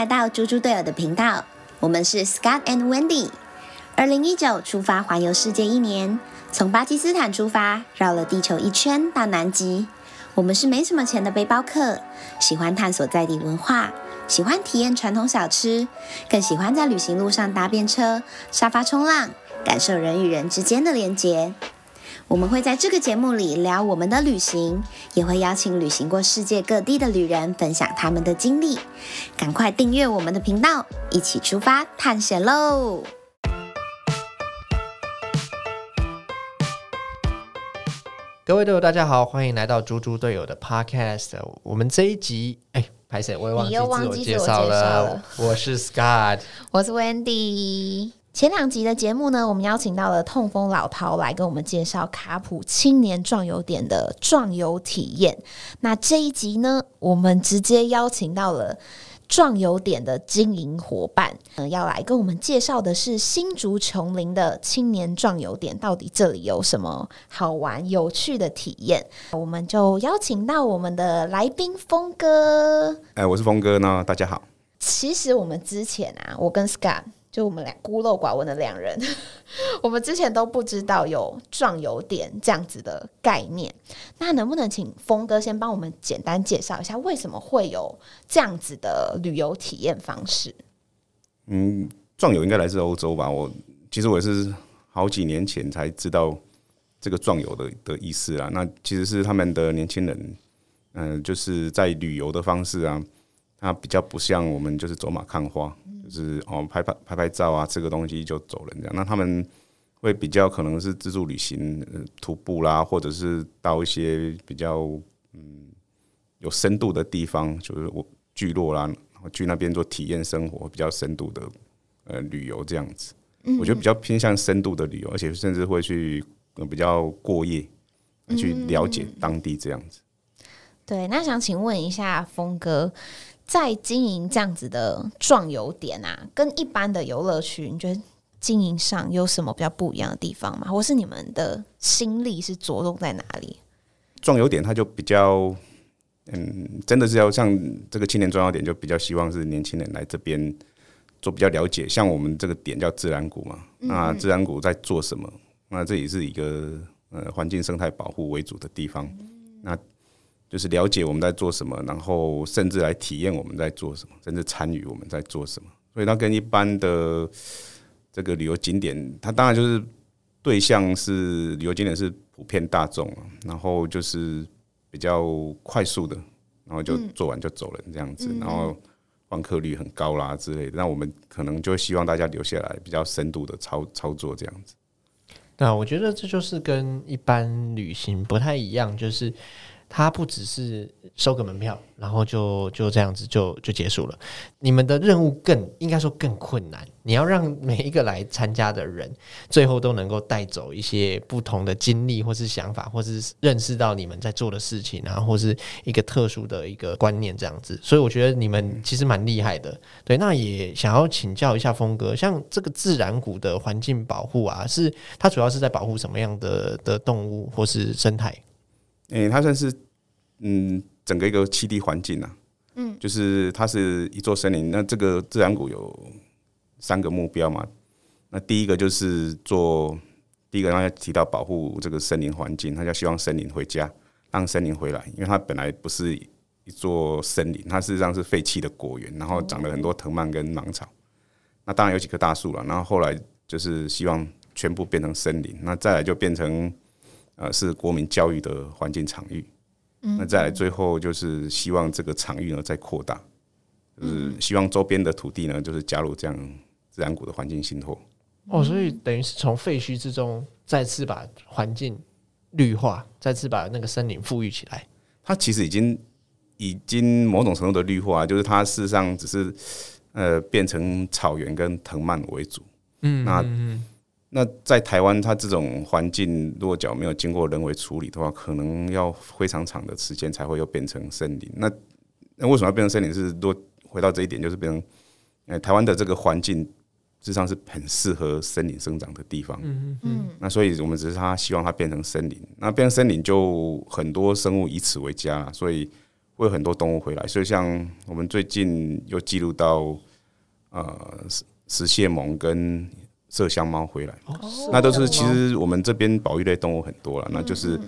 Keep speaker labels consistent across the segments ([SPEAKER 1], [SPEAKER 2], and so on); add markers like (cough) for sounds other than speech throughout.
[SPEAKER 1] 來到豬豬隊友的頻道，我們是 Scott and Wendy。二零一九出發環遊世界一年，從巴基斯坦出發，繞了地球一圈到南極。我們是沒什麼錢的背包客，喜歡探索在地文化，喜歡體驗傳統小吃，更喜歡在旅行路上搭便車、沙發衝浪，感受人與人之間的連結。我們會在這個節目裡聊我們的旅行，也會邀請旅行過世界各地的旅人分享他們的經歷。趕快訂閱我們的頻道，一起出發探險嘍！
[SPEAKER 2] 各位隊友，大家好，歡迎來到豬豬隊友的 Podcast。我們這一集，哎，派森，我，忘記我，你又忘記自我介紹了。 (laughs) 我是 Scott，
[SPEAKER 1] 我是 Wendy。前兩集的節目呢，我們邀請到了痛風老陶來跟我們介紹卡普青年壯遊點的壯遊體驗。那這一集呢，我們直接邀請到了壯遊點的經營夥伴、呃，要來跟我們介紹的是新竹芎林的青年壯遊點，到底這裡有什麼好玩有趣的體驗？我們就邀請到我們的來賓峰哥。
[SPEAKER 3] 哎、呃，我是峰哥呢，大家好。
[SPEAKER 1] 其實我們之前啊，我跟 Scott 就我們倆孤陋寡聞的兩人， (laughs) 我們之前都不知道有壯遊點這樣子的概念。那能不能請峰哥先幫我們簡單介紹一下，為什麼會有這樣子的旅遊體驗方式？
[SPEAKER 3] 嗯，壯遊應該來自歐洲吧？我其實我也是好幾年前才知道這個壯遊的的意思啊。那其實是他們的年輕人，嗯、呃，就是在旅遊的方式啊，他比較不像我們就是走馬看花。就是哦，拍拍拍拍照啊，吃個東西就走人這樣。那他們會比較可能是自助旅行，徒步啦，啊，或者是到一些比較嗯有深度的地方，就是我聚落啦，啊，然後去那邊做體驗生活，比較深度的呃旅遊這樣子。嗯、我覺得比較偏向深度的旅遊，而且甚至會去比較過夜，去了解當地這樣子。嗯嗯、
[SPEAKER 1] 對，那想請問一下峰哥。在經營這樣子的壯遊點啊，跟一般的遊樂區，你覺得經營上有什麼比較不一樣的地方嗎？或是你們的心力是着重在哪裡？
[SPEAKER 3] 壯遊點它就比較，嗯，真的是要像這個青年壯遊點，就比較希望是年輕人來這邊做比較了解。像我們這個點叫自然谷嘛，嗯、那自然谷在做什麼？那這也是一個呃，環境生態保護為主的地方，嗯、那。就是了解我們在做什麼，然後甚至來體驗我們在做什麼，甚至參與我們在做什麼。所以它跟一般的這個旅遊景點，它當然就是對象是旅遊景點是普遍大眾，然後就是比較快速的，然後就做完就走人這樣子，嗯、然後換客率很高啦之類的嗯嗯。那我們可能就希望大家留下來，比較深度的操操作這樣子。
[SPEAKER 2] 那我覺得這就是跟一般旅行不太一樣，就是。它不只是收個門票，然後就就這樣子就就結束了。你們的任務更應該說更困難，你要讓每一個來參加的人最後都能夠帶走一些不同的經歷，或是想法，或是認識到你們在做的事情啊，或是一個特殊的一個觀念這樣子。所以我覺得你們其實蠻厲害的。對，那也想要請教一下峰哥，像這個自然谷的環境保護啊，是它主要是在保護什麼樣的的動物或是生態？
[SPEAKER 3] 誒、欸，它算是嗯，整個一個棲地環境啊，嗯，就是它是一座森林。那這個自然谷有三個目標嘛，那第一個就是做第一個，剛才提到保護這個森林環境，他就希望森林回家，讓森林回來，因為它本來不是一座森林，它實際上是廢棄的果園，然後長了很多藤蔓跟芒草。那當然有幾棵大樹了，然後後來就是希望全部變成森林，那再來就變成。呃，是國民教育的環境場域，那再來最後就是希望這個場域呢，再擴大，就是希望周邊的土地呢，就是加入這樣自然谷的環境信託、嗯。
[SPEAKER 2] 哦，所以等於是從廢墟之中再次把環境綠化，再次把那個森林復
[SPEAKER 3] 育起來。它其實已經已經某種程度的綠化，就是它事實上只是呃變成草原跟藤蔓為主。嗯，那。嗯那在台灣，它這種環境，如果假如沒有經過人為處理的話，可能要非常長的時間才會又變成森林。那那為什麼要變成森林？是落回到這一點，就是變成，台灣的這個環境實際上是很適合森林生長的地方。嗯嗯嗯。那所以我們只是他希望它變成森林。那變成森林就很多生物以此為家，所以會有很多動物回來。所以像我們最近又記錄到，呃，食蟹獴跟。麝香貓回來，那都是其實我們這邊保育類動物很多了，那就是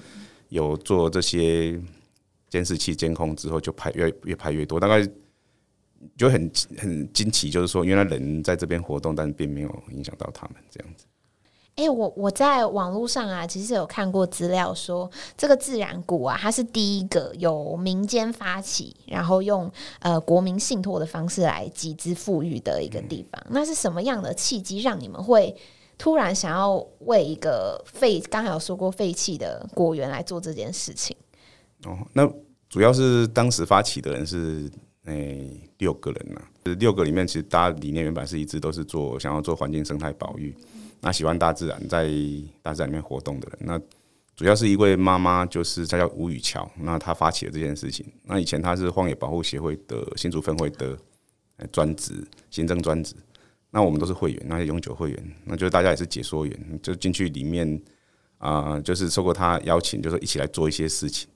[SPEAKER 3] 有做這些監視器監控之後就，就拍越越拍越多，大概就很很驚奇，就是說原來人在這邊活動，但是並沒有影響到它們這樣子。
[SPEAKER 1] 哎、欸，我我在網絡上啊，其實有看過資料說，說這個自然谷啊，它是第一個由民間發起，然後用呃國民信托的方式來集資復育的一個地方。嗯、那是什麼樣的契機讓你們會突然想要為一個廢？剛才有說過廢棄的果園來做這件事情。
[SPEAKER 3] 哦，那主要是當時發起的人是哎六、欸、個人吶、啊，這六個裡面其實大家理念原本是一直都是做想要做環境生態保育。那喜歡大自然，在大自然裡面活動的人，那主要是一位媽媽，就是她叫吳雨橋，那她發起了這件事情。那以前她是荒野保護協會的新竹分會的專職、行政專職。那我們都是會員，那些永久會員，那就是大家也是解說員，就進去裡面啊、呃，就是受過她邀請，就是一起來做一些事情。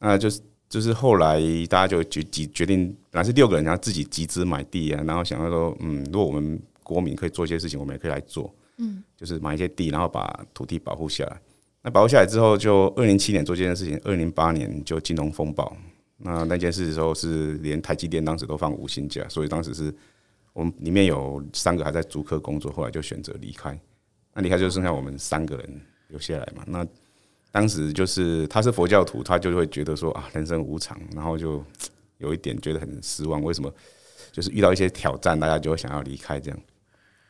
[SPEAKER 3] 那就是就是後來大家就決決決定，本來是六個人，然後自己集資買地啊，然後想要說，嗯，如果我們國民可以做一些事情，我們也可以來做。嗯，就是買一些地，然後把土地保護下來。那保護下來之後，就二零零七年做這件事情，二零零八年就金融風暴。那那件事的時候，是連台積電當時都放無薪假，所以當時是我們裡面有三個還在租客工作，後來就選擇離開。那離開就剩下我們三個人留下來嘛。那當時就是他是佛教徒，他就會覺得說啊，人生無常，然後就有一點覺得很失望。為什麼就是遇到一些挑戰，大家就會想要離開這樣？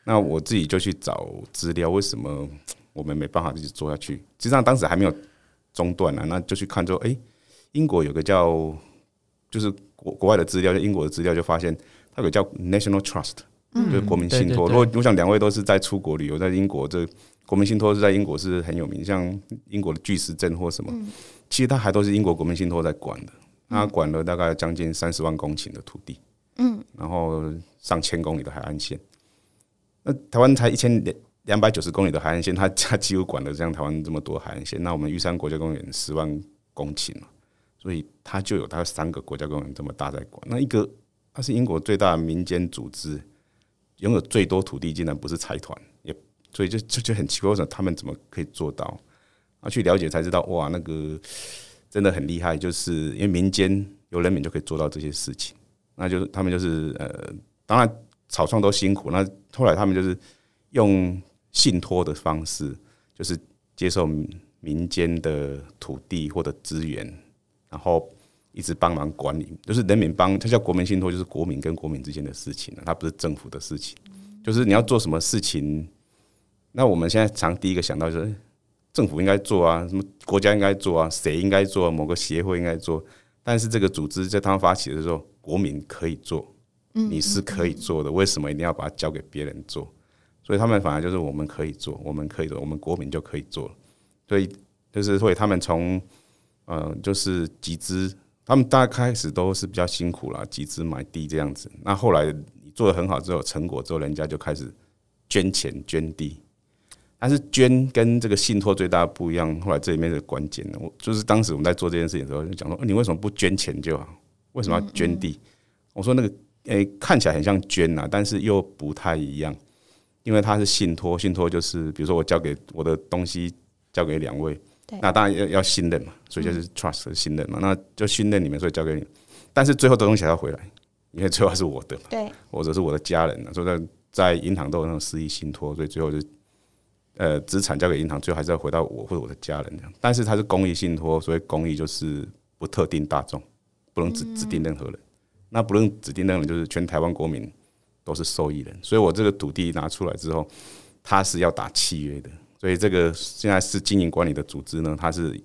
[SPEAKER 3] 那我自己就去找資料，為什麼我們沒辦法一直做下去？其實際上當時還沒有中斷呢、啊，那就去看之後，哎、欸，英國有個叫就是國國外的資料，就英國的資料就發現，它有個叫 National Trust、嗯、就是國民信托。如果我想兩位都是在出國旅遊，在英國，這國民信托是在英國是很有名，像英國的巨石陣或什麼，嗯、其實它還都是英國國民信托在管的，它管了大概將近三十萬公頃的土地，嗯，然後上千公里的海岸線。那台灣才一千兩兩百九十公里的海岸線，它它幾乎管了像台灣這麼多海岸線。那我們玉山國家公園十萬公頃，所以它就有它三個國家公園這麼大在管。那一個，它是英國最大的民間組織，擁有最多土地，竟然不是財團，也所以就就就很奇怪，為什麼他們怎麼可以做到？啊，去了解才知道，哇，那個真的很厲害，就是因為民間有人民就可以做到這些事情。那就是他們就是呃，當然。草創都辛苦，那後來他們就是用信託的方式，就是接受民間的土地或者資源，然後一直幫忙管理。就是人民幫，它叫國民信託，就是國民跟國民之間的事情，它不是政府的事情。就是你要做什麼事情，那我們現在常第一個想到就是政府應該做啊，什麼國家應該做啊，誰應該做啊，某個協會應該做，但是這個組織在他們發起的時候，國民可以做。你是可以做的，為什麼一定要把它交給別人做？所以他們反而就是我們可以做，我們可以做，我們國民就可以做。所以就是會他們從嗯、呃，就是集資，他們大家開始都是比較辛苦啦，集資買地這樣子。那後來你做的很好之後，成果之後，人家就開始捐錢捐地。但是捐跟這個信托最大的不一樣。後來這裡面的關鍵呢，我就是當時我們在做這件事情的時候就講說、呃，你為什麼不捐錢就好？為什麼要捐地？嗯嗯我說那個。誒、欸，看起來很像捐吶，但是又不太一樣，因為它是信託。信託就是，比如說我交給我的東西交給兩位，對，那當然要要信任嘛，所以就是 trust 信任嘛，那就信任你們，所以交給你。但是最後的東西還要回來，因為最後還是我的嘛，對，或者是我的家人呢、啊，所以在在銀行都有那種私益信託，所以最後就是、呃，資產交給銀行，最後還是要回到我或者我的家人這樣。但是它是公益信託，所以公益就是不特定大眾，不能指指定任何人。嗯那不論指定任務，就是全台灣國民都是受益人，所以我這個土地拿出來之後，它是要打契約的，所以這個現在是經營管理的組織呢，它是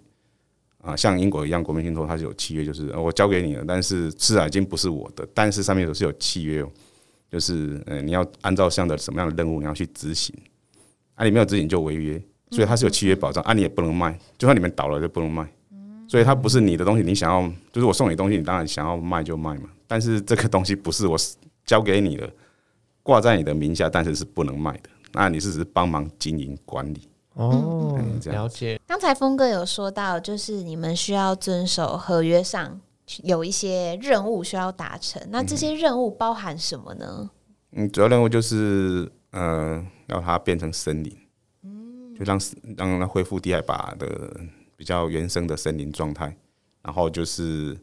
[SPEAKER 3] 啊像英國一樣國民信托，它是有契約，就是我交給你了，但是資產已經不是我的，但是上面都是有契約，就是嗯，你要按照這樣的什麼樣的任務你要去執行，啊你沒有執行就違約，所以它是有契約保障，啊你也不能賣，就算你們倒了就不能賣。所以它不是你的東西，你想要就是我送你東西，你當然想要賣就賣嘛。但是這個東西不是我交給你的，掛在你的名下，但是是不能賣的。那你是只是幫忙經營管理哦這樣。了解。
[SPEAKER 1] 剛才峰哥有說到，就是你們需要遵守合約上有一些任務需要達成，那這些任務包含什麼呢？嗯，
[SPEAKER 3] 嗯主要任務就是，嗯、呃，要它變成森林，嗯，就讓讓它恢復第二把的。比較原生的森林狀態，然後就是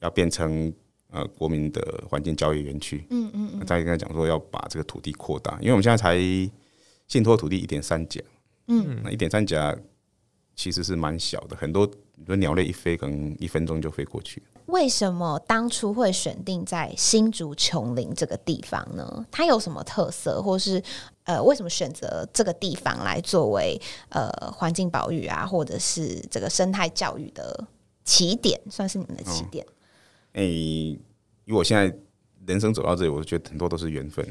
[SPEAKER 3] 要變成呃國民的環境交易園區。嗯嗯，嗯再跟他講說要把這個土地擴大，因為我們現在才信託土地一點三甲。嗯，那一點三甲其實是蠻小的，很多，比如鳥類一飛，可能一分鐘就飛過去。
[SPEAKER 1] 為什麼當初會選定在新竹瓊林這個地方呢？它有什麼特色，或是？呃，為什麼選擇這個地方來作為呃環境保育啊，或者是這個生態教育的起點，算是你們的起點？
[SPEAKER 3] 哎、哦，因、欸、為我現在人生走到這裡，我覺得很多都是緣分。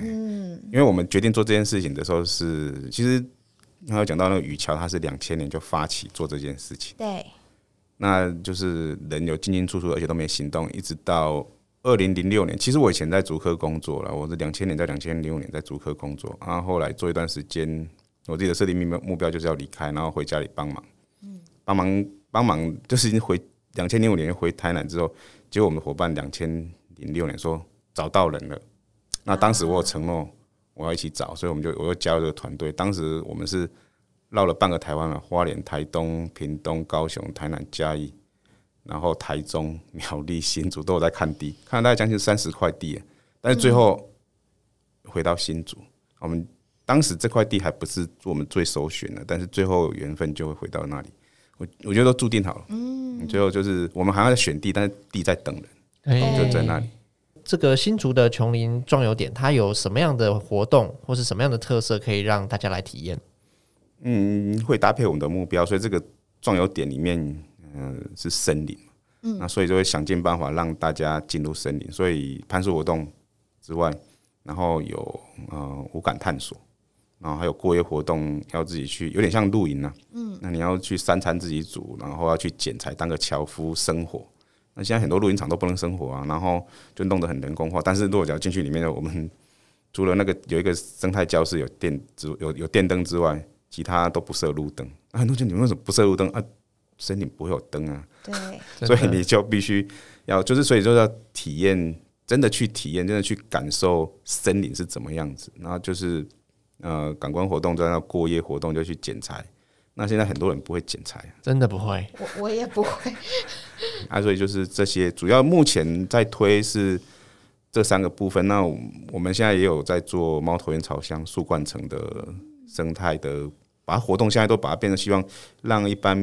[SPEAKER 3] 嗯，因為我們決定做這件事情的時候是，是其實還有講到那個雨橋，他是兩千年就發起做這件事情。對，那就是人有進進出出，而且都沒行動，一直到。二零零六年，其實我以前在竹科工作了。我是二零零零年到二零零五年在竹科工作，然後後來做一段時間，我自己的設定目標就是要離開，然後回家裡幫忙。嗯，幫忙幫忙就是回二零零五年回台南之後，結果我們的夥伴二零零六年說找到人了。那當時我有承諾我要一起找，所以我們就我又加入這個團隊。當時我們是繞了半個台灣了，花蓮、台東、屏東、高雄、台南、嘉義。然後台中、苗栗、新竹都有在看地，看了大概將近三十塊地，但是最後回到新竹，嗯、我們當時這塊地還不是我們最首選的，但是最後緣分就會回到那裡。我我覺得都注定好了。嗯，最後就是我們還要在選地，但是地在等人，欸、我們就在那裡，
[SPEAKER 2] 這個新竹的芎林壯遊點，它有什麼樣的活動或是什麼樣的特色，可以讓大家來體驗？
[SPEAKER 3] 嗯，會搭配我們的目標，所以這個壯遊點裡面，嗯、呃，是森林。嗯，那所以就會想盡辦法讓大家進入森林。所以攀樹活動之外，然後有呃五感探索，然後還有過夜活動，要自己去，有點像露營啊，嗯，那你要去三餐自己煮，然後要去撿柴當個樵夫生火。那現在很多露營場都不能生火啊，然後就弄得很人工化。但是落腳進去裡面我們，除了那個有一個生態教室有電之有有電燈之外，其他都不設路燈。那很多就你們為什麼不設路燈啊？森林不會有燈啊，對，所以你就必須要就是，所以就要體驗，真的去體驗，真的去感受森林是怎麼樣子。然後就是呃，感官活動在那過夜活動，就去撿柴。那現在很多人不會撿柴，真的不會，
[SPEAKER 1] 我我也不
[SPEAKER 3] 會。 (laughs) (laughs) 啊，所以就是這些主要目前在推是這三個部分。那我們現在也有在做貓頭鷹、草香、樹冠層的生態的。把活動現在都把它變成，希望讓一般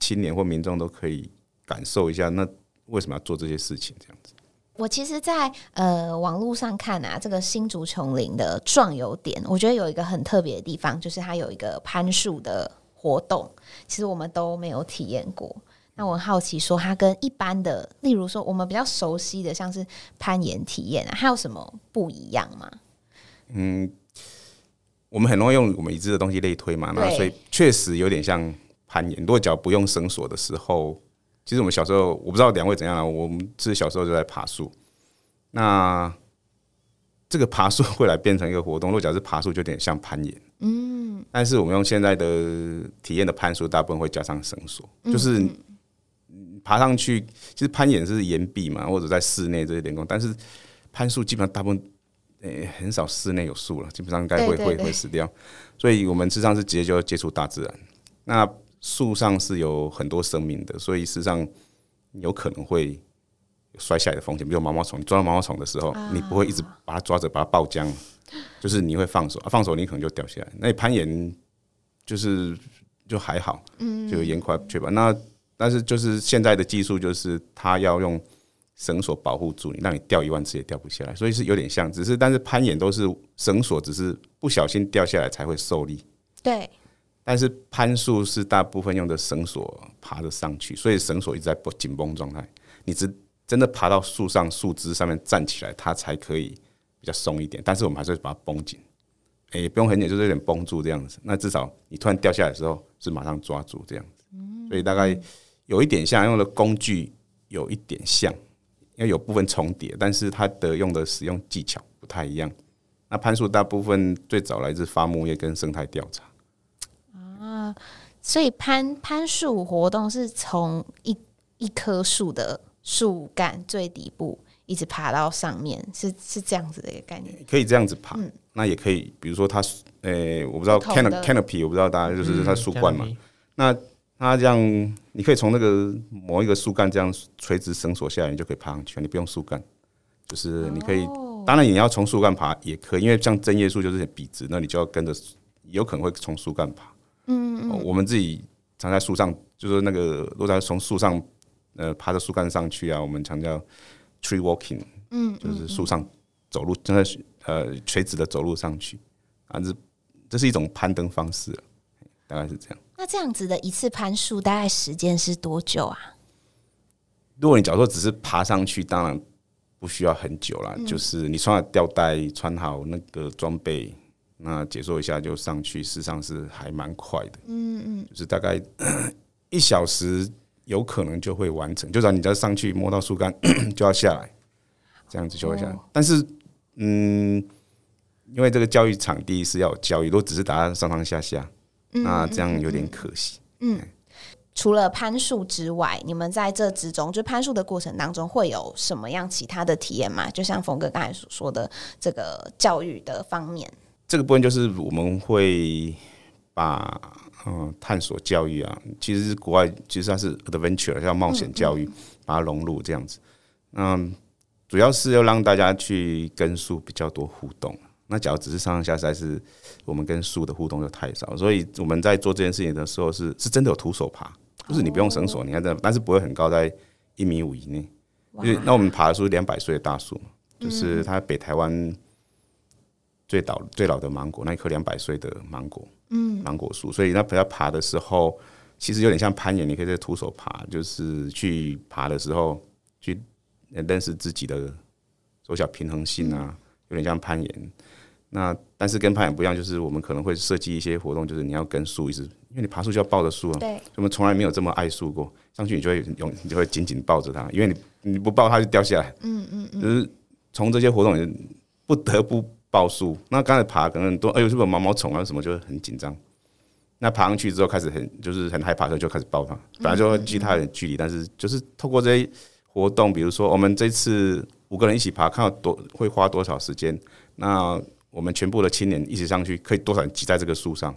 [SPEAKER 3] 青年或民眾都可以感受一下。那為什麼要做這些事情？這樣子？
[SPEAKER 1] 我其實在，在呃網絡上看啊，這個新竹芎林的壯遊點，我覺得有一個很特別的地方，就是它有一個攀樹的活動，其實我們都沒有體驗過。那我很好奇說，它跟一般的，例如說我們比較熟悉的，像是攀岩體驗啊，還有什麼不一樣嗎？嗯。
[SPEAKER 3] 我們很容易用我們已知的東西類推嘛，那所以確實有點像攀岩。落腳不用繩索的時候，其實我們小時候，我不知道兩位會怎樣了、啊。我們是小時候就在爬樹，那這個爬樹會來變成一個活動。落腳是爬樹，就有點像攀岩。嗯，但是我們用現在的體驗的攀樹，大部分會加上繩索，就是爬上去。其實攀岩是岩壁嘛，或者在室內這些點工，但是攀樹基本上大部分。呃、欸，很少室內有樹了，基本上應該會對對對會會死掉。所以，我們實際上是直接就接觸大自然。那樹上是有很多生命的，所以事實上有可能會摔下來的風險。比如毛毛蟲，你抓毛毛蟲的時候、啊，你不會一直把它抓着，把它爆漿，就是你會放手啊，放手你可能就掉下來。那攀岩就是就還好，就有岩塊去吧。那但是就是現在的技術，就是它要用。繩索保護住你，讓你掉一萬次也掉不下來，所以是有點像，只是但是攀岩都是繩索，只是不小心掉下來才會受力。對，但是攀樹是大部分用的繩索爬得上去，所以繩索一直在繃緊狀態。你只真的爬到樹上樹枝上面站起來，它才可以比較鬆一點。但是我們還是會把它繃緊，哎、欸，不用很緊，就是有點繃住這樣子。那至少你突然掉下來的時候是馬上抓住這樣子、嗯。所以大概有一點像，用的工具有一點像。因為有部分重疊，但是它的用的使用技巧不太一樣。那攀樹大部分最早來自伐木業跟生態調查
[SPEAKER 1] 啊，所以攀攀樹活動是從一一棵樹的樹幹最底部一直爬到上面，是是這樣子的一個概念，可以這樣子
[SPEAKER 3] 爬。嗯、那也可以，比如說它，呃、欸，我不知道 can canopy，我不知道大家就是它樹冠嘛，嗯、那。它這樣，你可以從那個某一個樹幹這樣垂直繩索下來，你就可以爬上去。你不用樹幹，就是你可以，oh. 當然你要從樹幹爬也可以，因為像針葉樹就是筆直，那你就要跟着，有可能會從樹幹爬。嗯、
[SPEAKER 1] mm -hmm. 哦，
[SPEAKER 3] 我們自己常在樹上，就是那個如果從樹上呃爬到樹幹上去啊，我們常叫 tree walking，嗯、mm
[SPEAKER 1] -hmm.，就是樹
[SPEAKER 3] 上走路，正在呃垂直的走路上去，啊，這是這是一種攀登方式，大概是這樣。
[SPEAKER 1] 那這樣子的一次攀樹大概時間是多久
[SPEAKER 3] 啊？如果你假如說只是爬上去，當然不需要很久了、嗯。就是你穿好吊帶，穿好那個裝備，那解說一下就上去，事實上是還蠻快的。嗯嗯，就是大概一小時有可能就會完成。就算你要上去摸到樹幹，咳咳就要下來，這樣子就會下來、哦。但是，嗯，因為這個教育場地是要有教育，如果只是大家上上下下。
[SPEAKER 1] 那這樣有
[SPEAKER 3] 點可惜。嗯，嗯
[SPEAKER 1] 嗯，除了攀樹之外，你們在這之中，就攀樹的過程當中，會有什麼樣其他的體驗嗎？就像峰哥剛才所說的，這個教育的方面，
[SPEAKER 3] 這個部分就是我們會把嗯，探索教育啊，其實是國外，其實它是 adventure，叫冒險教育，嗯嗯，把它融入這樣子。嗯，主要是要讓大家去跟樹比較多互動。那腳只是上山下山，是我們跟樹的互動又太少，所以我們在做這件事情的時候是，是是真的有徒手爬，oh. 就是你不用繩索，你看這，但是不會很高，在一米五以內。因、wow. 為、就是、那我們爬的樹是兩百歲的大樹嘛，就是它北台灣最老最老的芒果，那一棵兩百歲的芒果，嗯、mm.，芒果樹，所以那不要爬的時候，其實有點像攀岩，你可以在徒手爬，就是去爬的時候去認識自己的手腳平衡性啊，mm. 有點像攀岩。那但是跟爬也不一樣，就是我們可能會設計一些活動，就是你要跟樹一直，因為你爬樹就要抱着樹啊。對。我們從來沒有這麼愛樹過，上去你就會用你就會緊緊抱着它，因為你你不抱它就掉下來。嗯嗯，嗯。就是從這些活動也不得不抱樹。那剛才爬可能很多哎呦什麼是不是毛毛蟲啊什麼就很緊張。那爬上去之後開始很就是很害怕的時候就開始抱它。本來就會距它很距離，但是就是透過這些活動，比如說我們這次五個人一起爬，看多會花多少時間。那。我們全部的青年一起上去，可以多少人擠在這個樹上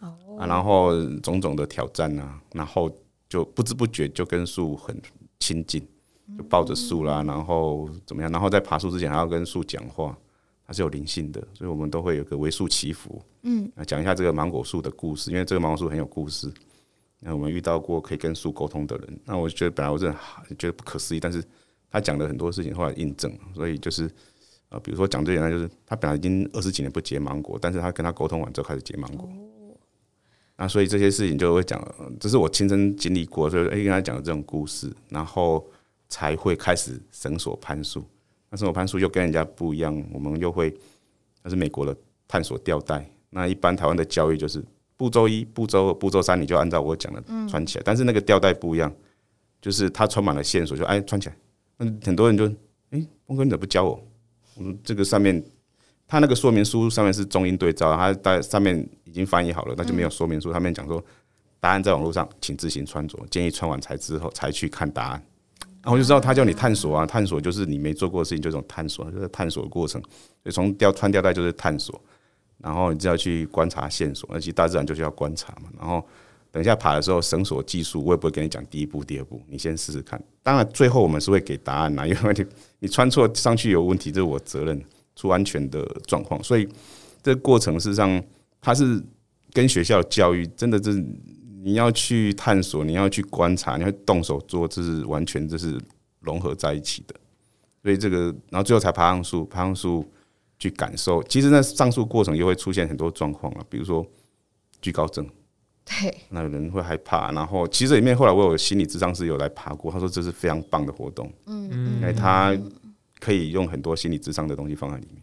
[SPEAKER 3] ？Oh. 啊，然後種種的挑戰啊，然後就不知不覺就跟樹很親近，就抱着樹啦，mm -hmm. 然後怎麼樣？然後在爬樹之前還要跟樹講話，它是有靈性的，所以我們都會有個為樹祈福。嗯、mm -hmm. 啊，講一下這個芒果樹的故事，因為這個芒果樹很有故事。那我們遇到過可以跟樹溝通的人，那我覺得本來我是覺得不可思議，但是他講了很多事情後來印證，所以就是。比如說講最簡單就是，他本來已經二十幾年不結芒果，但是他跟他溝通完之後開始結芒果。Oh. 那所以這些事情就會講，這是我親身經歷過，所以就哎跟他講的這種故事，然後才會開始繩索攀樹。但是我攀樹又跟人家不一樣，我們又會，那是美國的探索吊帶。那一般台灣的教育就是步驟一、步驟二、步驟三，你就按照我講的穿起來。嗯。但是那個吊帶不一樣，就是它穿滿了線索，就，哎穿起來。那很多人就哎欸，峰哥你怎麼不教我？嗯，這個上面，他那個說明書上面是中英對照，他但上面已經翻譯好了，那就沒有說明書。他們講說，答案在網絡上，請自行穿着，建議穿完才之後才去看答案。然後就知道他叫你探索啊，探索就是你沒做過的事情就這種探索，就是探索的過程。所以從吊穿吊帶就是探索，然後你就要去觀察線索，而且大自然就是要觀察嘛，然後。等一下，爬的時候繩索技術，我也不會跟你講第一步、第二步，你先試試看。當然，最後我們是會給答案啦，因為你你穿錯上去有問題，這是我責任，出安全的狀況。所以，這個過程事實上，它是跟學校的教育真的，是你要去探索，你要去觀察，你要動手做，這是完全這是融合在一起的。所以，這個然後最後才爬上樹，爬上樹去感受。其實，那上樹過程又會出現很多狀況了，比如說懼高症。對，那有人會害怕。然後，其實裡面後來我有心理諮商是有來爬過，他說這是非常棒的活動。嗯嗯，他可以用很多心理諮商的東西放在裡面。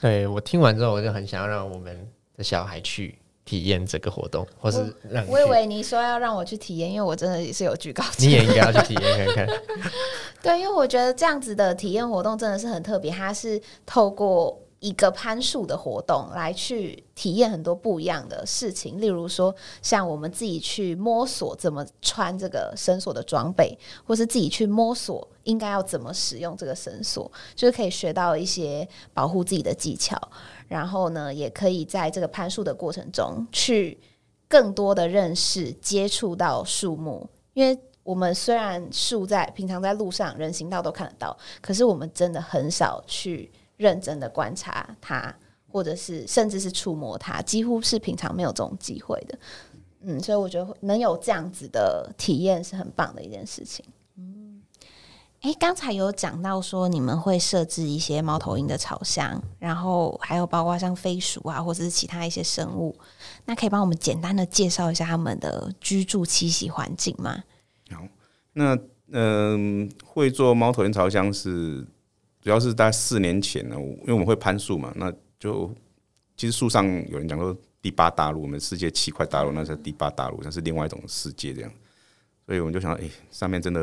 [SPEAKER 2] 對，我聽完之後，我就很想要讓我們的小孩去
[SPEAKER 3] 體驗這個
[SPEAKER 2] 活動，我或是讓我以為
[SPEAKER 1] 你說要讓我去體驗，因為我真的是有懼高症，你也應該要去
[SPEAKER 2] 體驗看看 (laughs) 。
[SPEAKER 1] (laughs) 對，因為我覺得這樣子的體驗活動真的是很特別，它是透過。一個攀樹的活動，來去體驗很多不一樣的事情。例如說，像我們自己去摸索怎麼穿這個繩索的裝備，或是自己去摸索應該要怎麼使用這個繩索，就是可以學到一些保護自己的技巧。然後呢，也可以在這個攀樹的過程中，去更多的認識、接觸到樹木。因為我們雖然樹在平常在路上、人行道都看得到，可是我們真的很少去。認真的觀察它，或者是甚至是觸摸它，幾乎是平常沒有這種機會的。嗯，所以我覺得能有這樣子的體驗是很棒的一件事情。嗯，欸，剛才有講到說你們會設置一些貓頭鷹的巢箱，然後還有包括像飛鼠啊，或者是其他一些生物，那可以幫我們簡單的介紹一下他們的居住棲息環境嗎？好，
[SPEAKER 3] 那嗯、呃，會做貓頭鷹巢箱是。主要是在四年前呢，因為我們會攀樹嘛，那就其實樹上有人講說，第八大陸，我們世界七塊大陸，那是第八大陸，那是另外一種世界這樣，所以我們就想，哎、欸，上面真的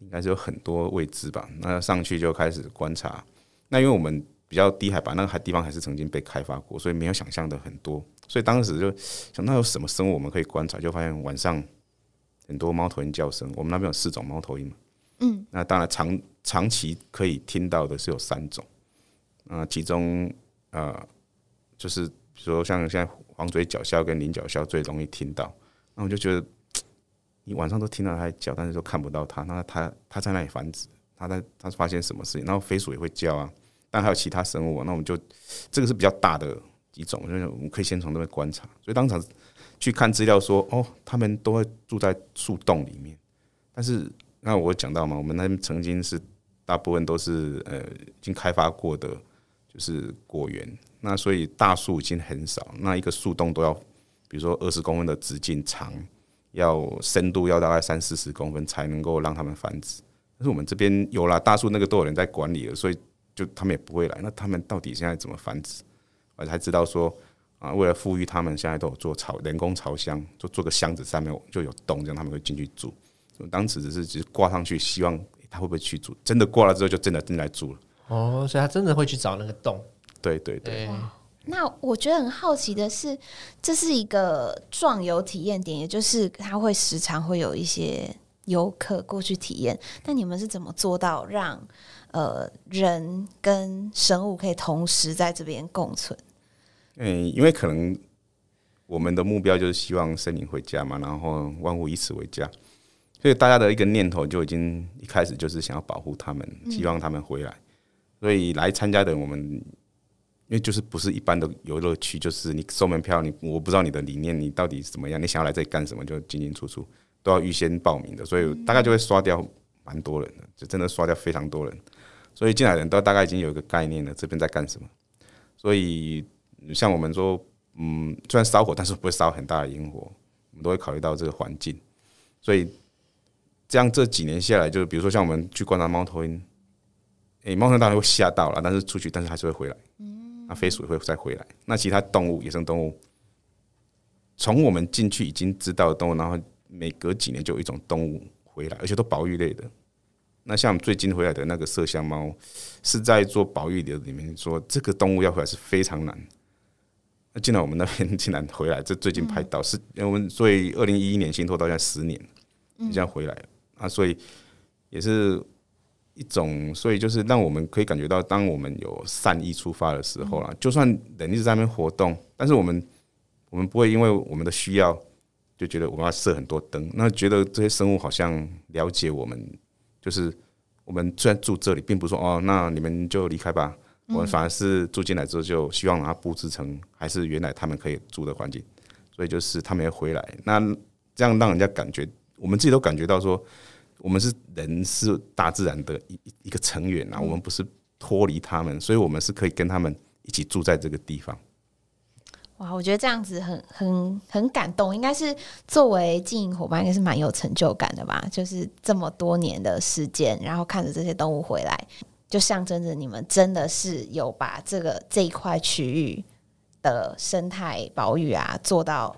[SPEAKER 3] 應該是有很多未知吧？那上去就開始觀察，那因為我們比較低海拔，那個海地方還是曾經被開發過，所以沒有想象的很多，所以當時就想到有什麼生物我們可以觀察？就發現晚上很多貓頭鷹叫聲，我們那邊有四種貓頭鷹嘛。嗯，那當然長長期可以聽到的是有三種，啊、呃，其中呃，就是比如說像現在黃嘴角鴞跟領角鴞最容易聽到，那我就覺得你晚上都聽到它叫，但是都看不到它，那它它在那裡繁殖，它在它發現什麼事情？然後飛鼠也會叫啊，但還有其他生物，那我們就這個是比較大的一種，就是我們可以先從那邊觀察。所以當場去看資料說，哦，他們都會住在樹洞裡面，但是。那我講到嘛，我們那邊曾經是大部分都是呃已經開發過的，就是果園，那所以大樹已經很少，那一個樹洞都要，比如說二十公分的直徑長，要深度要大概三四十公分才能夠讓他們繁殖。但是我們這邊有了大樹，那個都有人在管理了，所以就他們也不會來。那他們到底現在怎麼繁殖？我才知道說啊，為了復育，他們，現在都有做巢，人工巢箱，就做個箱子上面就有洞，這樣他們會進去住。我當時只是只是掛上去，希望他會不會去住？真的掛了之後，就真的進來住
[SPEAKER 2] 了。哦，所以他真的會去找那個洞。
[SPEAKER 3] 對對對。
[SPEAKER 1] 那我覺得很好奇的是，這是一個壯遊體驗點，也就是他會時常會有一些遊客過去體驗。但你們是怎麼做到讓呃人跟生物可以同時在這邊共存？嗯，
[SPEAKER 3] 因為可能我們的目標就是希望森林回家嘛，然後萬物以此為家。所以大家的一個念頭就已經一開始就是想要保護他們，希望他們回來。嗯、所以來參加的我們，因為就是不是一般的遊樂區，就是你收門票，你我不知道你的理念，你到底怎麼樣，你想要來這裡幹什麼，就進進出出都要預先報名的。所以大概就會刷掉蠻多人的，就真的刷掉非常多人。所以進來的人都大概已經有一個概念了，這邊在幹什麼。所以像我們說，嗯，雖然燒火，但是不會燒很大的營火，我們都會考慮到這個環境。所以。這樣這幾年下來，就是比如說像我們去觀察貓頭鷹，誒，貓頭鷹當然會嚇到了，但是出去，但是還是會回來。嗯，那、啊、飛鼠也會再回來。那其他動物，野生動物，從我們進去已經知道的動物，然後每隔幾年就有一種動物回來，而且都保育類的。那像我們最近回來的那個麝香貓，是在做保育的裡面說，這個動物要回來是非常難。那竟然我們那邊竟然回來，這最近拍到、嗯、是，我們所以二零一一年信託到現在十年，就這樣回來了。嗯嗯啊，所以也是一種，所以就是讓我們可以感覺到，當我們有善意出發的時候啦，嗯，就算人一直在那邊活動，但是我們我們不會因為我們的需要就覺得我們要設很多燈，那覺得這些生物好像了解我們，就是我們雖然住這裡，並不是說哦，那你們就離開吧，我們反而是住進來之後就希望把它布置成還是原來他們可以住的環境，所以就是他們要回來，那這樣讓人家感覺，我們自己都感覺到說，我們是人，是大自然的一一個成員啊，我們不是脫離他們，所以我們是可以跟他們一起住在這個地方。哇，我覺得這
[SPEAKER 1] 樣子很很很感動，應該是作為經營夥伴，應該是蠻有成就感的吧？就是這麼多年的時間，然後看着這些動物回來，就象徵着你們真的是有把這個這一塊區域的生態保育啊做到，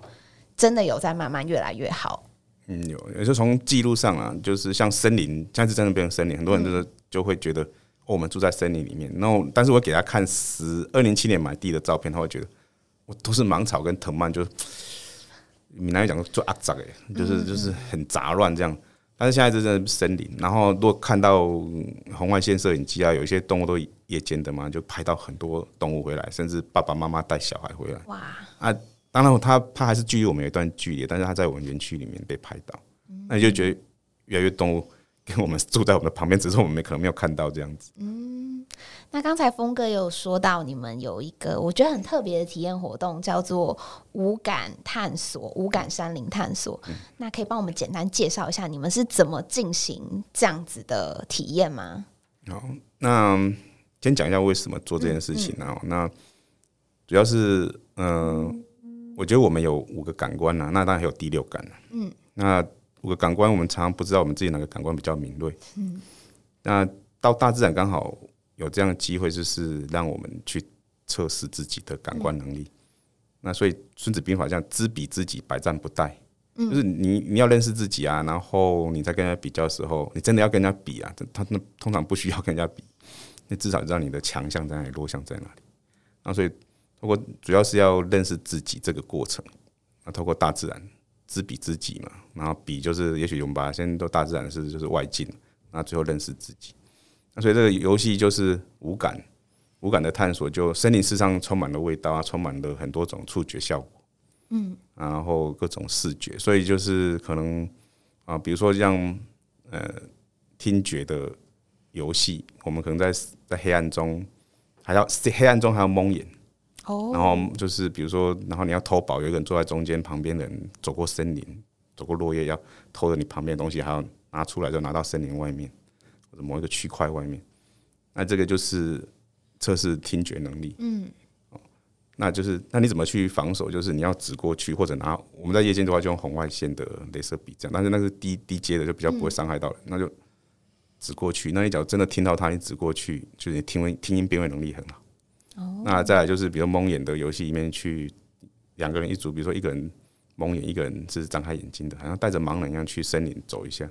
[SPEAKER 1] 真的有在慢慢越來越好。
[SPEAKER 3] 嗯，有也是從記錄上啊，就是像森林，現在是真的變成森林，很多人就是、嗯、就會覺得、哦、我們住在森林裡面。然後，但是我給他看二零零七年買地的照片，他會覺得我都是芒草跟藤蔓，就閩南語講說做阿雜誒，就是就是很雜亂這樣。嗯、但是現在是真的森林。然後，如果看到、嗯、紅外線攝影機啊，有一些動物都夜間的嘛，就拍到很多動物回來，甚至爸爸媽媽帶小孩回來。哇啊！當然他，他他還是距離我們有一段距離，但是他在我們園區裡面被拍到，嗯、那你就覺得，越來越多跟我們住在我們的旁邊，只是我們沒，可能沒有看到這樣子。嗯，
[SPEAKER 1] 那剛才峰哥也有說到，你們有一個我覺得很特別的體驗活動，叫做五感探索、五感山林探索。嗯、那可以幫我們簡單介紹一下你們是怎麼進行這樣子的體驗嗎？好，
[SPEAKER 3] 那先講一下為什麼做這件事情呢、啊、嗯嗯、那主要是、呃、嗯。我覺得我們有五個感官呢、啊，那當然還有第六感了、啊。嗯，那五個感官，我們常常不知道我們自己哪個感官比較敏銳。嗯，那到大自然剛好有這樣的機會，就是讓我們去測試自己的感官能力。嗯、那所以《孫子兵法》講“知彼知己，百戰不殆、嗯”，就是你你要認識自己啊，然後你在跟人家比較的時候，你真的要跟人家比啊？他那通常不需要跟人家比，你至少你知道你的強項在哪裡，弱項在哪裡。那所以。不過主要是要認識自己這個過程，那、啊、透過大自然知彼知己嘛，然後彼就是也許我們把現在都大自然是就是外境，那最後認識自己，那所以這個遊戲就是五感五感的探索，就森林世上充滿了味道啊，充滿了很多種觸覺效果，嗯，然後各種視覺，所以就是可能啊，比如說像呃聽覺的遊戲，我們可能在在黑暗中還要黑暗中還要蒙眼。哦、oh，然後就是比如說，然後你要偷寶，有一個人坐在中間，旁邊人走過森林，走過落葉，要偷了你旁邊的東西，還要拿出來，就拿到森林外面或者某一個區塊外面。那這個就是測試聽覺能力。嗯，哦，那就是那你怎麼去防守？就是你要指過去，或者拿我們在夜間的話，就用紅外線的鐳射筆這樣。但是那是低低階的，就比較不會傷害到人。嗯、那就指過去。那你假如真的聽到他，你指過去，就是你聽聞聽音辨位能力很好。Oh. 那再來就是，比如說蒙眼的遊戲裡面去兩個人一組，比如說一個人蒙眼，一個人是張開眼睛的，好像帶着盲人一樣去森林走一下，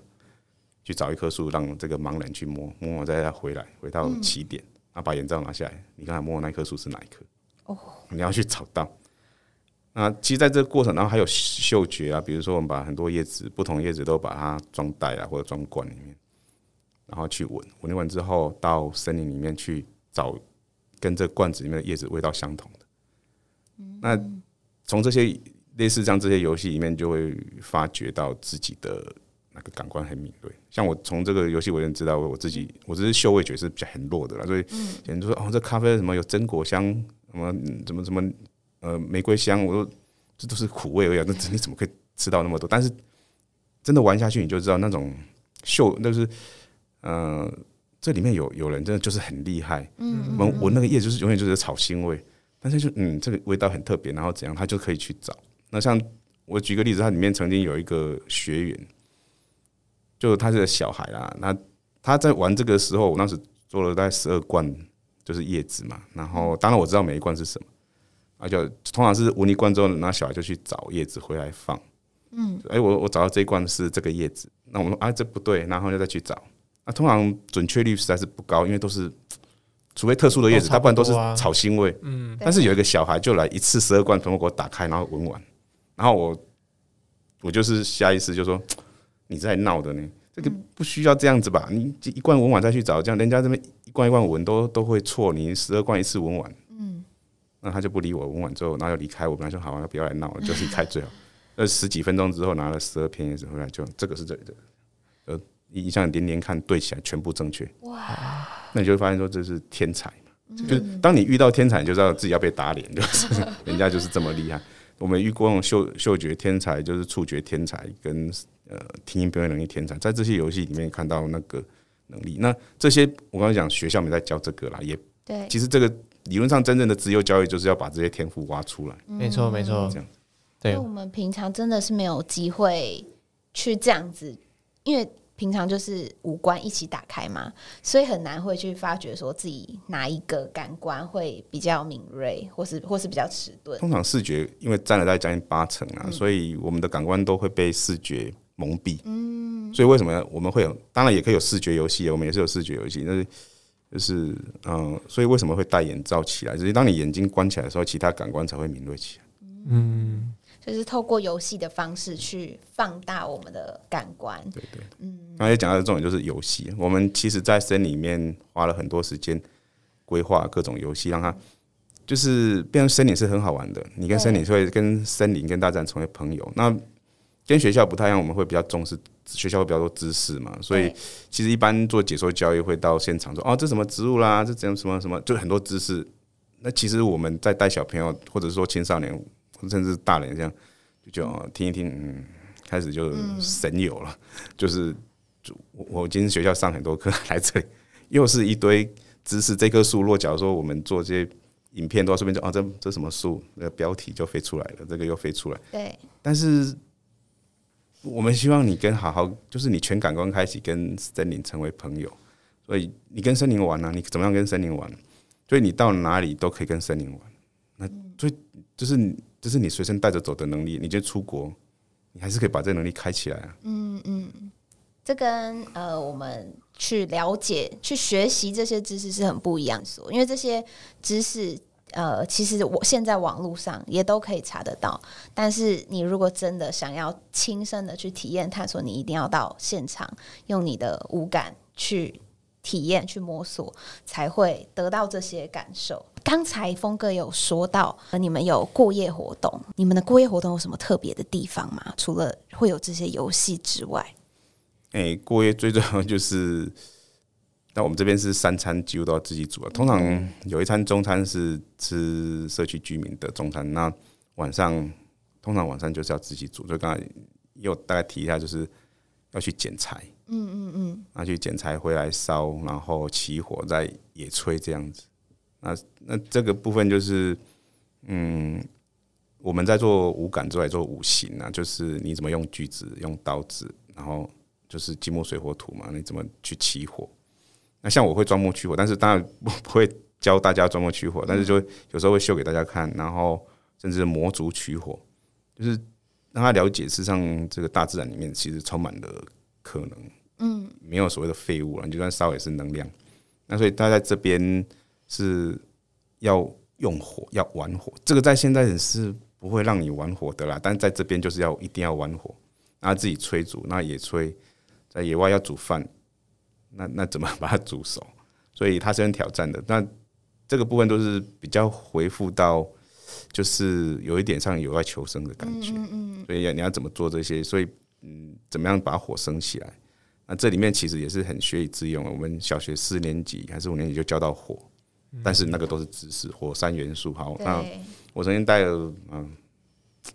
[SPEAKER 3] 去找一棵樹，讓這個盲人去摸，摸完再回來回到起點，嗯，啊，把眼罩拿下來，你剛才摸的那棵樹是哪一棵？
[SPEAKER 2] 哦、oh，
[SPEAKER 3] 你要去找到。那其實在這個過程，然後還有嗅覺啊，比如說我們把很多葉子，不同的葉子都把它裝袋啊或者裝罐裡面，然後去聞，聞完之後，到森林裡面去找。跟這罐子裡面的葉子味道相同的，那從這些類似像這些遊戲裡面，就會發覺到自己的那個感官很敏銳。像我從這個遊戲，我就知道我自己，我只是嗅味覺是比較很弱的啦，所以，嗯，嗯，人說哦，這咖啡什麼有榛果香，什麼怎麼怎麼，麼呃玫瑰香，我說這都是苦味而已，啊。那你怎麼可以吃到那麼多？但是真的玩下去，你就知道那種嗅，那是嗯、呃。這裡面有有人真的就是很厲害，嗯，我聞那個葉子就是永遠就是草腥味，但是就嗯這個味道很特別，然後怎樣，他就可以去找。那像我舉個例子，它裡面曾經有一個學員，就他是個小孩啦，那他在玩這個時候，我當時做了大概十二罐，就是葉子嘛，然後當然我知道每一罐是什麼，而且通常是聞一罐之後，那小孩就去找葉子回來放，嗯，哎我我找到這一罐是這個葉子，那我們說啊這不對，然後就再去找。那、啊、通常準確率實在是不高，因為都是，除非特殊的葉子、啊，它不然都是草腥味。嗯，但是有一個小孩就來一次十二罐，全部給我打開，然後聞完，然後我我就是下意識就說，你在鬧的呢，這個不需要這樣子吧？你一罐聞完再去找，這樣人家這邊一罐一罐聞都都會錯，你十二罐一次聞完，嗯，那他就不理我，聞完之後然後就離開我，本來說好啊，那不要來鬧了，就是離開最好。 (laughs) 那十幾分鐘之後拿了十二片葉子回來，就這個是這裡的。你像連連看對起來全部正確哇，那你就會發現說這是天才、嗯、就是當你遇到天才，就知道自己要被打臉，就是、嗯、人家就是這麼厲害、嗯。我們遇過那種嗅嗅覺天才，就是觸覺天才，跟呃聽音表演能力天才，在這些遊戲裡面看到那個能力。那這些我剛才講學校沒在教這個啦，也對。其實這個理論上真正的自由教育就是要把這些天賦挖出來，嗯、沒錯沒錯。這樣，對。我
[SPEAKER 1] 們平常真的是沒有機會去這樣子，因為。平常就是五官一起打開嘛，所以很難會去發覺說自己哪一個感官會比較敏銳，或是或是比較遲鈍。通常
[SPEAKER 3] 視覺因為占了大概將近八成啊、嗯，所以我們的感官都會被視覺蒙蔽。嗯，所以為什麼我們會有？當然也可以有視覺遊戲，我們也是有視覺遊戲，但是就是嗯、呃，所以為什麼會戴眼罩起來？就是當你眼睛關起來的時候，其他感官才會敏銳起來。嗯。嗯
[SPEAKER 1] 就是透過遊戲的方式去放大我們的感官，對
[SPEAKER 3] 對，嗯，剛才講到的重點就是遊戲。我們其實，在森林裡面花了很多時間規劃各種遊戲，讓它就是變成森林是很好玩的。你跟森林會跟森林，跟大自然成為朋友。那跟學校不太一樣，我們會比較重視學校會比較多知識嘛，所以其實一般做解說教育會到現場說，哦，這什麼植物啦，這怎樣什麼什麼，就很多知識。那其實我們在帶小朋友或者說青少年。甚至大人這樣就聽一聽，嗯，開始就神遊了，嗯、就是，我我今天學校上很多課，來這裡又是一堆知識。這棵樹，若假如說我們做這些影片，都順便就啊，這這什麼樹，那個標題就飛出來了，這個又飛出來。對。但是我們希望你跟好好，就是你全感官開啟，跟森林成為朋友。所以你跟森林玩呢、啊，你怎麼樣跟森林玩？所以你到哪裡都可以跟森林玩。那。所以就是你，就是你隨身帶着走的能力，你就出國，你還是可以把這能力開起來啊。嗯嗯，
[SPEAKER 1] 這跟呃我們去了解、去學習這些知識是很不一樣的，因為這些知識呃其實我現在網絡上也都可以查得到，但是你如果真的想要親身的去體驗探索，你一定要到現場用你的五感去。體驗去摸索，才會得到這些感受。剛才峰哥有說到，和你們有過夜活動，你們的過夜活動有什麼特別的地方嗎？除了會有這些遊戲之外，
[SPEAKER 3] 哎、欸，過夜最重要就是，那我們這邊是三餐幾乎都要自己煮。啊，通常有一餐中餐是吃社區居民的中餐，那晚上通常晚上就是要自己煮。所以剛才又大概提一下，就是要去撿柴。嗯嗯嗯，拿去撿柴回來燒，然後起火再野炊這樣子。那那這個部分就是，嗯，我們在做五感之外，做來做五行啊，就是你怎麼用鋸子、用刀子，然後就是金木水火土嘛，你怎麼去起火？那像我會鑽木取火，但是當然不不會教大家鑽木取火、嗯，但是就有時候會秀給大家看，然後甚至磨竹取火，就是讓他了解，實際上這個大自然裡面其實充滿了可能。嗯，沒有所謂的廢物了，你就算燒也是能量。那所以他在這邊是要用火，要玩火。這個在現在人是不會讓你玩火的啦，但是在這邊就是要一定要玩火。然後自己炊煮，那野炊，在野外要煮飯，那那怎麼把它煮熟？所以他是很挑戰的。那這個部分都是比較恢復到，就是有一點像野外求生的感覺。嗯嗯嗯所以要你要怎麼做這些？所以嗯，怎麼樣把火升起來？那這裡面其實也是很學以致用。我們小學四年級還是五年級就教到火，但是那個都是知識，火三元素。好，那我曾經帶了嗯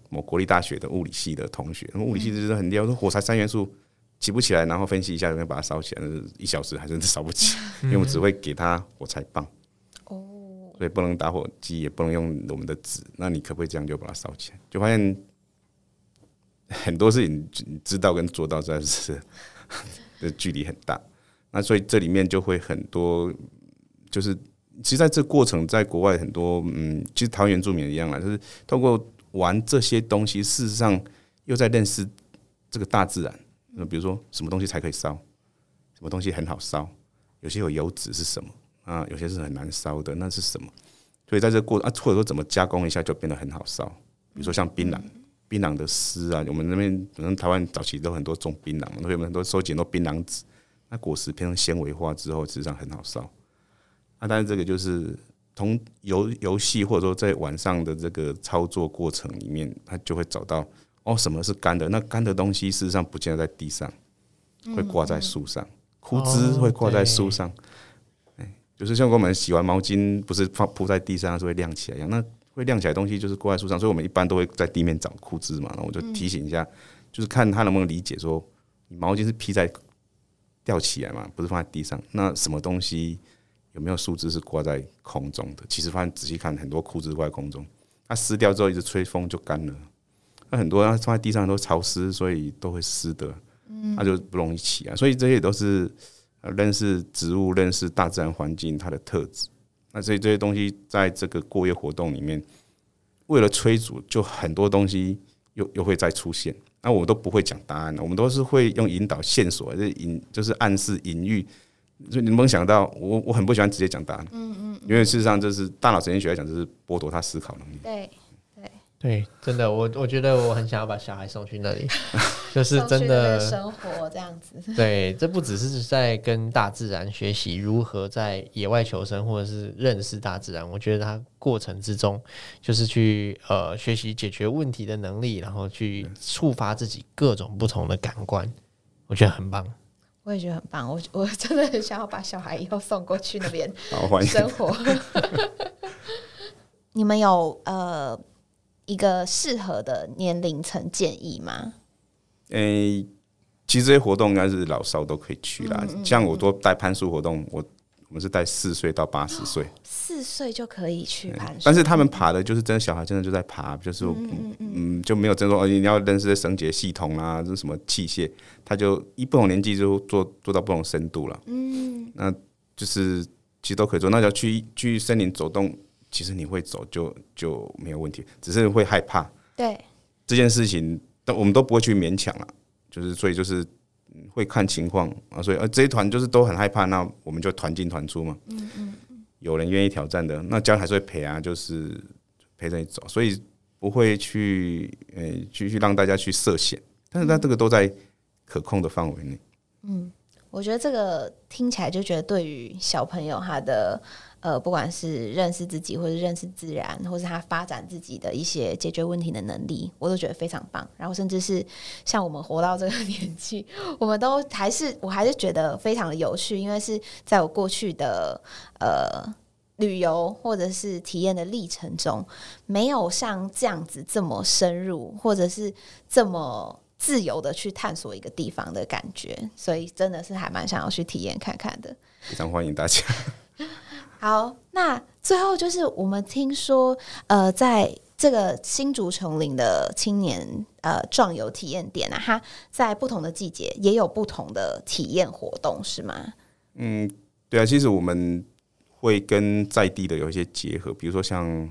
[SPEAKER 3] 某國立大學的物理系的同學，物理系就是很厲害，說火柴三元素起不起來，然後分析一下有沒有把它燒起來，一小時還真是燒不起，因為我只會給他火柴棒哦，所以不能打火機，也不能用我們的紙。那你可不可以這樣就把它燒起來？就發現很多事情你知道跟做到真的是。 (laughs) 距離很大，那所以這裡面就會很多，就是其實在這過程，在國外很多，嗯，其實台灣原住民一樣啊，就是通過玩這些東西，事實上又在認識這個大自然。那比如說什麼東西才可以燒，什麼東西很好燒，有些有油脂是什麼啊？有些是很難燒的，那是什麼？所以在這過程啊，或者說怎麼加工一下就變得很好燒，比如說像檳榔。檳榔的絲啊，我們那邊反正台灣早期都很多種檳榔嘛，所以很多收集到檳榔籽，那果實變成纖維化之後，事實上很好燒。那、啊、但是這個就是從遊遊戲或者說在晚上的這個操作過程裡面，他就會找到哦，什麼是乾的？那乾的東西事實上不見得在地上，會掛在樹上、嗯，枯枝會掛在樹上，哎、哦欸，就是像我們洗完毛巾不是放鋪在地上，它是會晾起來一樣那。會晾起來的東西就是掛在樹上，所以我們一般都會在地面找枯枝嘛。然後我就提醒一下，就是看他能不能理解說，你毛巾是披在吊起來嘛，不是放在地上。那什麼東西有沒有樹枝是掛在空中的？其實發現仔細看，很多枯枝掛在空中。它濕掉之後，一直吹風就乾了、啊。那很多人、啊、放在地上都潮濕，所以都會濕的，嗯，它就不容易起啊。所以這些也都是認識植物、認識大自然環境它的特質。那所以這些東西在這個過夜活動裡面，為了催促就很多東西又又會再出現。那我們都不會講答案，我們都是會用引導線索，就是引就是暗示隱喻。所以你能不能想到我，我很不喜歡直接講答案。嗯嗯，因為事實上就是大腦神經學來講，就是剝奪他思考能
[SPEAKER 1] 力。對。
[SPEAKER 2] 對，真的，我我覺得我很想要把小孩送去那裡， (laughs) 就是真的，的生
[SPEAKER 1] 活這樣子。對，
[SPEAKER 2] 這不只是在跟大自然學習如何在野外求生，或者是認識大自然。我覺得它過程之中，就是去呃學習解決問題的能力，然後去觸發自己各種不同的感官，我覺得很棒。
[SPEAKER 1] 我也覺得很棒。我我真的很想要把小孩以後送過去那邊生活。 (laughs) 好歡迎 (laughs) (laughs) 你們有呃、一個適合的年齡層建議嗎？嗯、
[SPEAKER 3] 欸，其實這些活動應該是老少都可以去啦。嗯嗯嗯、像我做帶攀樹活動，嗯、我我們是帶四歲到八十歲，
[SPEAKER 1] 四、哦、歲就可以去攀樹、嗯。但是他們
[SPEAKER 3] 爬的就是真的小孩，真的就在爬，嗯、就是嗯嗯，就沒有真正、哦、你要認識繩結系統啊，這是什麼器械？他就一不同年紀就做做到不同深度了。嗯，那就是其實都可以做。那就要去去森林走動。其實你會走就就沒有問題，只是會害怕，對這件事情，但我們都不會去勉強了，就是所以就是會看情況啊，所以呃這一團就是都很害怕，那我們就團進團出嘛。嗯嗯，有人願意挑戰的，那將來還是會陪啊，就是陪着你走，所以不會去呃繼續讓大家去涉險，但是他這個都在可控的範圍內。嗯，
[SPEAKER 1] 我覺得這個聽起來就覺得對於小朋友他的。呃，不管是認識自己，或是認識自然，或是他發展自己的一些解決問題的能力，我都覺得非常棒。然後，甚至是像我們活到這個年紀，我們都還是，我還是覺得非常的有趣，因為是在我過去的呃旅遊或者是體驗的歷程中，沒有像這樣子這麼深入，或者是這麼自由的去探索一個地方的感覺。所以，真的是還蠻想要去體驗看看的。
[SPEAKER 3] 非常歡迎大家。 (laughs)
[SPEAKER 1] 好，那最後就是我們聽說，呃，在這個新竹芎林的青年呃壯遊體驗點啊，它在不同的季節也有不同的體驗活動，是嗎？
[SPEAKER 3] 嗯，對啊，其實我們會跟在地的有一些結合，比如說像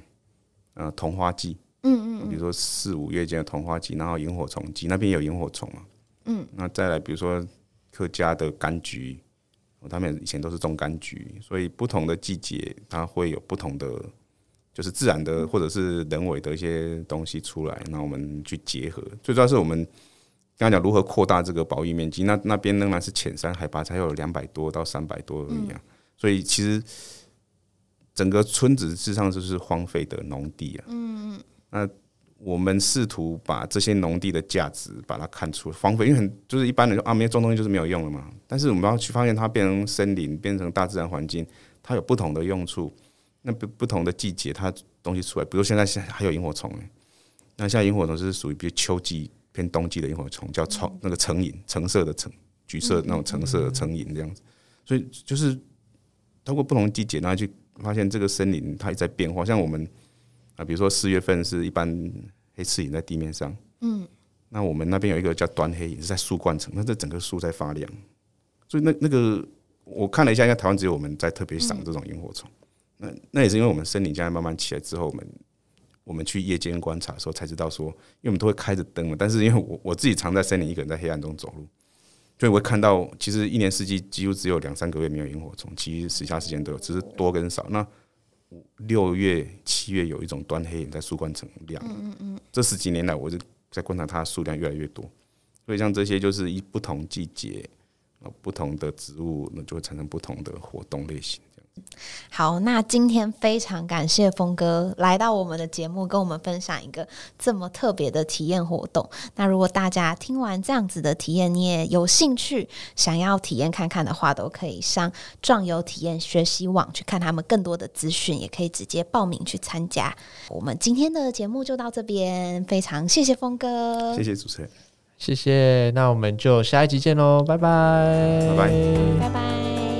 [SPEAKER 3] 呃桐花季，嗯，嗯嗯，比如說四五月間的桐花季，然後螢火蟲季那邊有螢火蟲啊，嗯，那再來比如說客家的柑橘。他們以前都是種柑橘，所以不同的季節，它會有不同的，就是自然的或者是人為的一些東西出來，那我們去結合。最主要是我們剛剛講如何擴大這個保育面積，那那邊仍然是淺山，海拔才有兩百多到三百多米啊，嗯，所以其實整個村子事實上就是荒廢的農地啊。嗯，那。我們試圖把這些農地的價值把它看出荒廢，因為很就是一般人說啊，沒種東西就是沒有用了嘛。但是我們要去發現它變成森林，變成大自然環境，它有不同的用處。那不不同的季節，它東西出來，比如現在現還有螢火蟲、欸、那像螢火蟲是屬於偏秋季、偏冬季的螢火蟲，叫蟲，那個橙螢、橙色的橙、橘色那種橙色的橙螢這樣子。所以就是通過不同季節，然後去發現這個森林它也在變化。像我們啊，比如說四月份是一般。黑翅螢在地面上，嗯，那我們那邊有一個叫端黑，也是在樹冠層。那這整個樹在發亮，所以那那個我看了一下，應該台灣只有我們在特別賞這種螢火蟲。那、嗯、那也是因為我們森林現在慢慢起來之後，我們我們去夜間觀察的時候才知道說，因為我們都會開着燈嘛。但是因為我我自己常在森林一個人在黑暗中走路，所以我會看到其實一年四季幾乎只有兩三個月沒有螢火蟲，其餘時下時間都有，只是多跟少、嗯、那。五六月、七月有一種端黑螢在樹冠層亮，這十幾年來，我就在觀察它的數量越來越多，所以像這些就是一不同季節，不同的植物，那就會產生不同的活動類型。
[SPEAKER 1] 好，那今天非常感謝峰哥來到我們的節目，跟我們分享一個這麼特別的體驗活動。那如果大家聽完這樣子的體驗，你也有興趣想要體驗看看的話，都可以上壯遊體驗學習網去看他們更多的資訊，也可以直接報名去參加。我們今天的節目就到這邊，非常謝謝峰哥，謝
[SPEAKER 3] 謝主持人，
[SPEAKER 2] 謝謝。那我們就下一集見嘍，拜拜，拜拜，拜、拜、拜、拜。